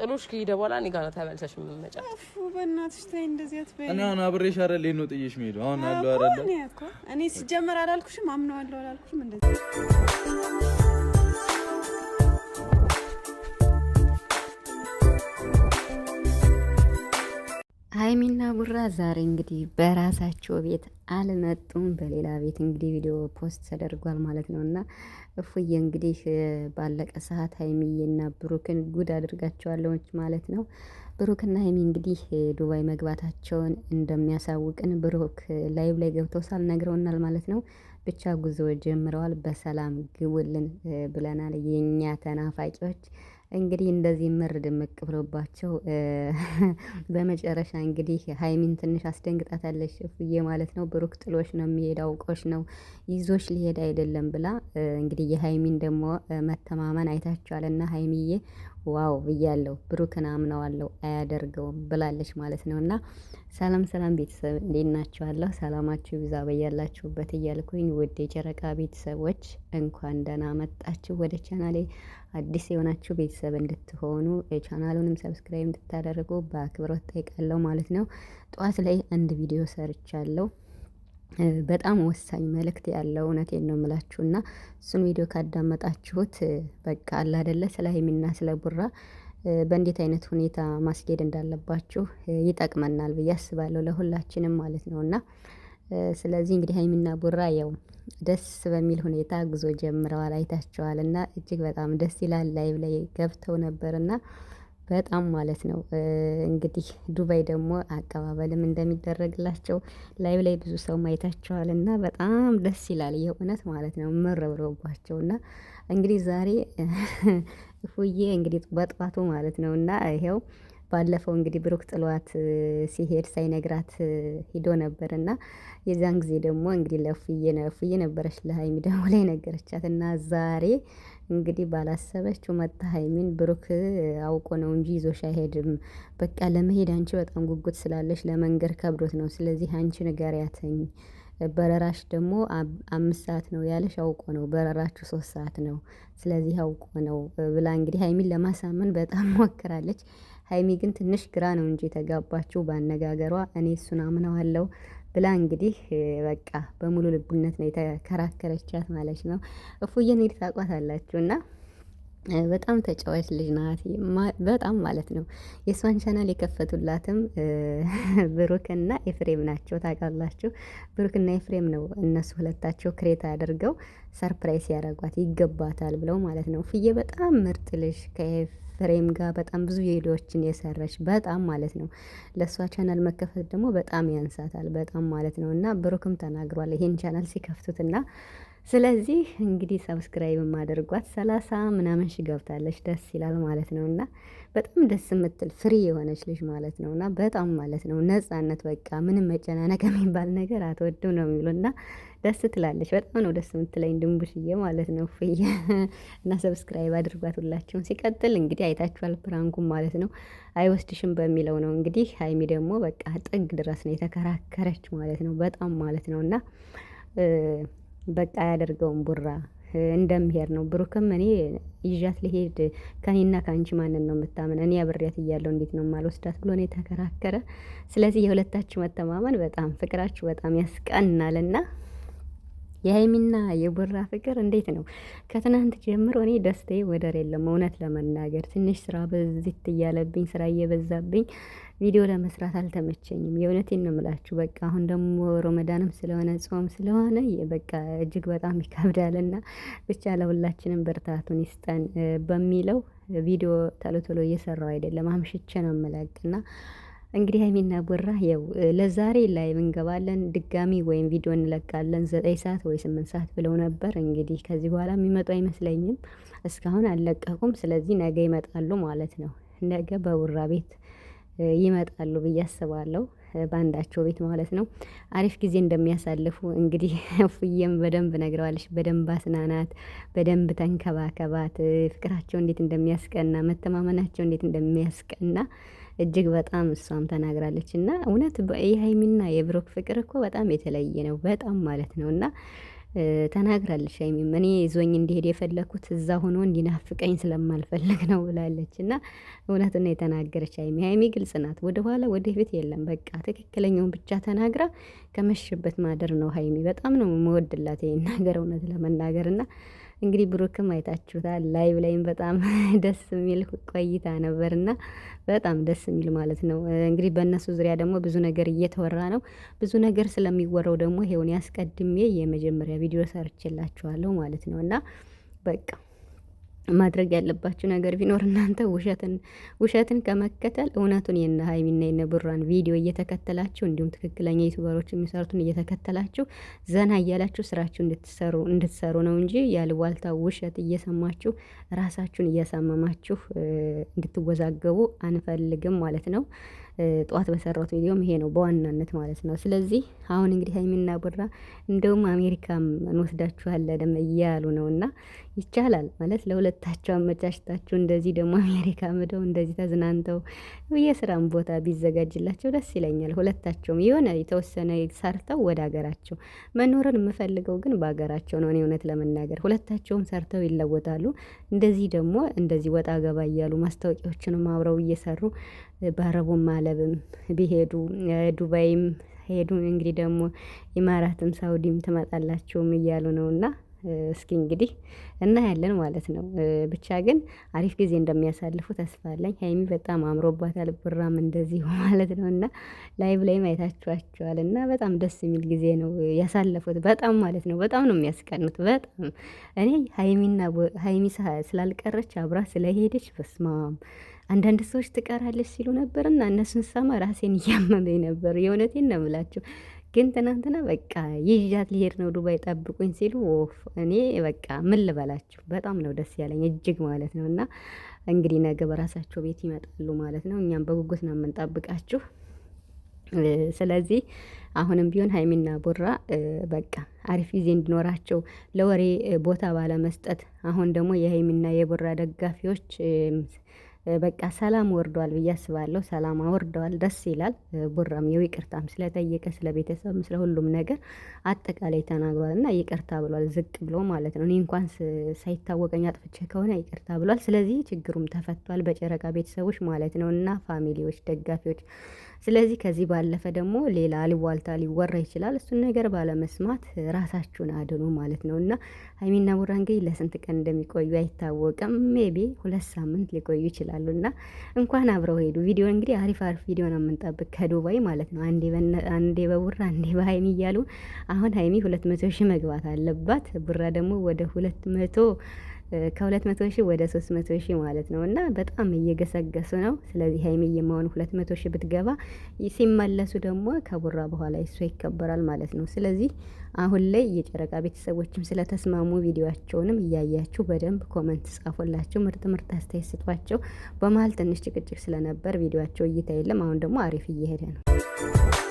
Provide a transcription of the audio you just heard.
ጥሎሽ ከሄደ በኋላ እኔ ጋር ተመልሰሽ የምትመጪ እፉ በእናትሽ ተይ እንደዚህ አትበይ እኔ አሁን አብሬሽ አይደል ነው ጥዬሽ መሄዱ አሁን አለው አይደል እኔ ሲጀመር አላልኩሽም አምነዋለሁ አላልኩሽም እንደዚህ ሀይሚና ቡራ ዛሬ እንግዲህ በራሳቸው ቤት አልመጡም። በሌላ ቤት እንግዲህ ቪዲዮ ፖስት ተደርጓል ማለት ነው እና እፉዬ እንግዲህ ባለቀ ሰዓት ሀይሚዬና ብሩክን ጉድ አድርጋቸዋለች ማለት ነው። ብሩክና ሀይሚ እንግዲህ ዱባይ መግባታቸውን እንደሚያሳውቅን ብሩክ ላይቭ ላይ ገብተው ነግረውናል ማለት ነው። ብቻ ጉዞ ጀምረዋል። በሰላም ግቡልን ብለናል የእኛ ተናፋቂዎች። እንግዲህ እንደዚህ ምር ድምቅ ብሎባቸው በመጨረሻ እንግዲህ ሀይሚን ትንሽ አስደንግጣታለች እፍዬ ማለት ነው። ብሩክ ጥሎሽ ነው የሚሄድ አውቆሽ ነው ይዞሽ ሊሄድ አይደለም ብላ እንግዲህ የሀይሚን ደግሞ መተማመን አይታችኋልና ሀይሚዬ ዋው ብያለሁ። ብሩክን አምነዋለሁ አያደርገውም ብላለች ማለት ነው። እና ሰላም ሰላም ቤተሰብ እንዴት ናችኋለሁ? ሰላማችሁ ይብዛ በያላችሁበት እያልኩኝ ውድ የጨረቃ ቤተሰቦች እንኳን ደህና መጣችሁ ወደ ቻናሌ። አዲስ የሆናችሁ ቤተሰብ እንድትሆኑ የቻናሉንም ሰብስክራይብ እንድታደርጉ በአክብሮት ጠይቃለሁ ማለት ነው። ጠዋት ላይ አንድ ቪዲዮ ሰርቻለሁ። በጣም ወሳኝ መልእክት ያለው እውነቴን ነው የምላችሁ። እና እሱን ቪዲዮ ካዳመጣችሁት በቃ አለ አይደለ ስለ ሀይሚና ስለ ቡራ በእንዴት አይነት ሁኔታ ማስኬድ እንዳለባችሁ ይጠቅመናል ብዬ አስባለሁ ለሁላችንም ማለት ነው። እና ስለዚህ እንግዲህ ሀይሚና ቡራ ያው ደስ በሚል ሁኔታ ጉዞ ጀምረዋል አይታችኋል። እና እጅግ በጣም ደስ ይላል። ላይቭ ላይ ገብተው ነበርና በጣም ማለት ነው። እንግዲህ ዱባይ ደግሞ አቀባበልም እንደሚደረግላቸው ላይቭ ላይ ብዙ ሰው እና በጣም ደስ ይላል የእውነት ማለት ነው። መረብረባቸው ብሎባቸው እና እንግዲህ ዛሬ ፉዬ እንግዲህ በጥዋቱ ማለት ነው እና ይሄው ባለፈው እንግዲህ ብሩክ ጥሏት ሲሄድ ሳይነግራት ሂዶ ነበር እና የዛን ጊዜ ደግሞ እንግዲህ ለፉዬ ፉዬ ነበረች ለሀይሚ ደግሞ ላይ ነገረቻት እና ዛሬ እንግዲህ ባላሰበችው መታ ሀይሚን ብሩክ አውቆ ነው እንጂ ይዞሽ አይሄድም። በቃ ለመሄድ አንቺ በጣም ጉጉት ስላለሽ ለመንገድ ከብዶት ነው። ስለዚህ አንቺ ንገሪያትኝ። በረራሽ ደግሞ አምስት ሰዓት ነው ያለሽ፣ አውቆ ነው። በረራችሁ ሶስት ሰዓት ነው። ስለዚህ አውቆ ነው ብላ እንግዲህ ሀይሚን ለማሳመን በጣም ሞክራለች። ሀይሚ ግን ትንሽ ግራ ነው እንጂ የተጋባችው በአነጋገሯ። እኔ እሱን አምነዋለሁ ብላ እንግዲህ በቃ በሙሉ ልቡነት ነው የተከራከረቻት ማለት ነው። እፉዬን ሂድ ታቋት እና በጣም ተጫዋች ልጅ ናት። በጣም ማለት ነው። የእሷን ቻናል የከፈቱላትም ብሩክና ኤፍሬም ናቸው። ታውቃላችሁ፣ ብሩክና ኤፍሬም ነው እነሱ ሁለታቸው ክሬታ አድርገው ሰርፕራይስ ያደረጓት ይገባታል ብለው ማለት ነው። ፍዬ በጣም ምርጥ ልጅ ከኤፍሬም ጋር በጣም ብዙ ቪዲዮዎችን የሰረች በጣም ማለት ነው። ለእሷ ቻናል መከፈት ደግሞ በጣም ያንሳታል፣ በጣም ማለት ነው። እና ብሩክም ተናግሯል ይሄን ቻናል ሲከፍቱትና ስለዚህ እንግዲህ ሰብስክራይብ ማደርጓት ሰላሳ ምናምን ሺ ገብታለች። ደስ ይላል ማለት ነው። እና በጣም ደስ የምትል ፍሪ የሆነች ልጅ ማለት ነው። እና በጣም ማለት ነው ነጻነት፣ በቃ ምንም መጨናነቅ የሚባል ነገር አትወድም ነው የሚሉ እና ደስ ትላለች። በጣም ነው ደስ የምትለኝ ድንቡሽዬ ማለት ነው ፍዬ። እና ሰብስክራይብ አድርጓት ሁላችሁም። ሲቀጥል እንግዲህ አይታችኋል ፕራንኩም ማለት ነው አይወስድሽም በሚለው ነው እንግዲህ። ሀይሚ ደግሞ በቃ ጥግ ድረስ ነው የተከራከረች ማለት ነው። በጣም ማለት ነው እና በቃ ያደርገውን ቡራ እንደምሄድ ነው። ብሩክም እኔ ይዣት ልሄድ ከኔና ከአንቺ ማንን ነው የምታምን? እኔ አብሬያት እያለሁ እንዴት ነው ማልወስዳት ብሎ ነው የተከራከረ። ስለዚህ የሁለታችሁ መተማመን በጣም ፍቅራችሁ በጣም ያስቀናልና የሀይሚና የቡራ ፍቅር እንዴት ነው? ከትናንት ጀምሮ እኔ ደስታዬ ወደር የለም። እውነት ለመናገር ትንሽ ስራ በዝት እያለብኝ ስራ እየበዛብኝ ቪዲዮ ለመስራት አልተመቸኝም። የእውነቴን ነው የምላችሁ። በቃ አሁን ደግሞ ሮመዳንም ስለሆነ ጾም ስለሆነ በቃ እጅግ በጣም ይከብዳል ይከብዳልና ብቻ ለሁላችንም ብርታቱን ይስጠን በሚለው ቪዲዮ ተሎ ቶሎ እየሰራው አይደለም። አምሽቼ ነው የምለቅና እንግዲህ ሀይሚና ቡራ ያው ለዛሬ ላይቭ እንገባለን ድጋሚ ወይም ቪዲዮ እንለቃለን ዘጠኝ ሰዓት ወይ ስምንት ሰዓት ብለው ነበር። እንግዲህ ከዚህ በኋላ የሚመጡ አይመስለኝም። እስካሁን አልለቀቁም። ስለዚህ ነገ ይመጣሉ ማለት ነው። ነገ በቡራ ቤት ይመጣሉ ብዬ አስባለሁ። በአንዳቸው ቤት ማለት ነው። አሪፍ ጊዜ እንደሚያሳልፉ እንግዲህ ፉዬም በደንብ ነግረዋለች። በደንብ አስናናት፣ በደንብ ተንከባከባት። ፍቅራቸው እንዴት እንደሚያስቀና፣ መተማመናቸው እንዴት እንደሚያስቀና እጅግ በጣም እሷም ተናግራለች እና እውነት የሀይሚና የብሩክ ፍቅር እኮ በጣም የተለየ ነው። በጣም ማለት ነው እና ተናግራለች ሀይሚም እኔ ይዞኝ እንዲሄድ የፈለኩት እዛ ሆኖ እንዲናፍቀኝ ስለማልፈልግ ነው ብላለች እና እውነት ነው የተናገረች ሀይሚ። ሀይሚ ግልጽ ናት፣ ወደኋላ ወደፊት የለም። በቃ ትክክለኛውን ብቻ ተናግራ ከመሽበት ማደር ነው። ሀይሚ በጣም ነው መወድላት ይሄን ነገር እውነት ለመናገር እና እንግዲህ ብሩክም አይታችሁታል። ላይቭ ላይም በጣም ደስ የሚል ቆይታ ነበር በጣም ደስ የሚል ማለት ነው። እንግዲህ በእነሱ ዙሪያ ደግሞ ብዙ ነገር እየተወራ ነው። ብዙ ነገር ስለሚወራው ደግሞ ይሄውን ያስቀድሜ የመጀመሪያ ቪዲዮ ሰርችላችኋለሁ ማለት ነው እና በቃ ማድረግ ያለባችሁ ነገር ቢኖር እናንተ ውሸትን ውሸትን ከመከተል እውነቱን የነ ሀይሚና የነ ቡራን ቪዲዮ እየተከተላችሁ እንዲሁም ትክክለኛ ዩቱበሮች የሚሰሩትን እየተከተላችሁ ዘና እያላችሁ ስራችሁ እንድትሰሩ እንድትሰሩ ነው እንጂ ያልዋልታ ውሸት እየሰማችሁ ራሳችሁን እያሳመማችሁ እንድትወዛገቡ አንፈልግም ማለት ነው። ጠዋት በሰራሁት ቪዲዮም ይሄ ነው በዋናነት ማለት ነው። ስለዚህ አሁን እንግዲህ ሀይሚና ቡራ እንደውም አሜሪካም እንወስዳችኋለን እያሉ ነው እና ይቻላል ማለት ለሁለታቸው አመቻችታችሁ እንደዚህ ደግሞ አሜሪካ ምደው እንደዚህ ተዝናንተው የስራም ቦታ ቢዘጋጅላቸው ደስ ይለኛል። ሁለታቸውም የሆነ የተወሰነ ሰርተው ወደ ሀገራቸው መኖርን የምፈልገው ግን በሀገራቸው ነው። እኔ እውነት ለመናገር ሁለታቸውም ሰርተው ይለወጣሉ። እንደዚህ ደግሞ እንደዚህ ወጣ ገባ እያሉ ማስታወቂያዎችንም አብረው እየሰሩ በአረቡም አለብም ቢሄዱ ዱባይም ሄዱ እንግዲህ ደግሞ ኢማራትም ሳውዲም ትመጣላችሁም እያሉ ነውና እስኪ እንግዲህ እናያለን ማለት ነው። ብቻ ግን አሪፍ ጊዜ እንደሚያሳልፉ ተስፋ አለኝ። ሀይሚ በጣም አምሮባታል፣ ብራም እንደዚሁ ማለት ነው እና ላይቭ ላይ አይታችኋቸዋል እና በጣም ደስ የሚል ጊዜ ነው ያሳለፉት። በጣም ማለት ነው በጣም ነው የሚያስቀኑት። በጣም እኔ ሀይሚና ሀይሚ ስላልቀረች አብራ ስለሄደች በስማም አንዳንድ ሰዎች ትቀራለች ሲሉ ነበርና እነሱን ሰማ ራሴን እያመመኝ ነበር። የእውነቴን ነው የምላችሁ። ግን ትናንትና በቃ ይዣት ሊሄድ ነው ዱባይ ጠብቁኝ ሲሉ ወፍ እኔ በቃ ምን ልበላችሁ በጣም ነው ደስ ያለኝ እጅግ ማለት ነው። እና እንግዲህ ነገ በራሳቸው ቤት ይመጣሉ ማለት ነው። እኛም በጉጉት ነው የምንጠብቃችሁ። ስለዚህ አሁንም ቢሆን ሀይሚና ቦራ በቃ አሪፍ ጊዜ እንዲኖራቸው ለወሬ ቦታ ባለመስጠት አሁን ደግሞ የሀይሚና የቦራ ደጋፊዎች በቃ ሰላም ወርደዋል ብዬ አስባለሁ። ሰላም አወርደዋል፣ ደስ ይላል። ቡራም የው ይቅርታም ስለጠየቀ ስለ ቤተሰብም ስለ ሁሉም ነገር አጠቃላይ ተናግሯል እና ይቅርታ ብሏል፣ ዝቅ ብሎ ማለት ነው። እኔ እንኳን ሳይታወቀኝ አጥፍቼ ከሆነ ይቅርታ ብሏል። ስለዚህ ችግሩም ተፈቷል፣ በጨረቃ ቤተሰቦች ማለት ነው እና ፋሚሊዎች፣ ደጋፊዎች ስለዚህ ከዚህ ባለፈ ደግሞ ሌላ ሊዋልታ ሊወራ ይችላል። እሱን ነገር ባለመስማት ራሳችሁን አድኑ ማለት ነው እና ሀይሚና ቡራ እንግዲህ ለስንት ቀን እንደሚቆዩ አይታወቅም። ሜቢ ሁለት ሳምንት ሊቆዩ ይችላሉ እና እንኳን አብረው ሄዱ። ቪዲዮ እንግዲህ አሪፍ አሪፍ ቪዲዮ ነው የምንጠብቅ ከዱባይ ማለት ነው። አንዴ በቡራ አንዴ በሀይሚ እያሉ አሁን ሀይሚ ሁለት መቶ ሺህ መግባት አለባት። ቡራ ደግሞ ወደ ሁለት መቶ ከሁለት መቶ ሺህ ወደ ሶስት መቶ ሺህ ማለት ነው። እና በጣም እየገሰገሱ ነው። ስለዚህ ሀይሚ የማሆኑ ሁለት መቶ ሺህ ብትገባ ሲመለሱ ደግሞ ከቡራ በኋላ እሷ ይከበራል ማለት ነው። ስለዚህ አሁን ላይ የጨረቃ ቤተሰቦችም ስለተስማሙ ቪዲዮቸውንም እያያችሁ በደንብ ኮመንት ጻፉላቸው፣ ምርጥ ምርጥ አስተያየት ስጧቸው። በመሀል ትንሽ ጭቅጭቅ ስለነበር ቪዲዮቸው እይታ የለም። አሁን ደግሞ አሪፍ እየሄደ ነው።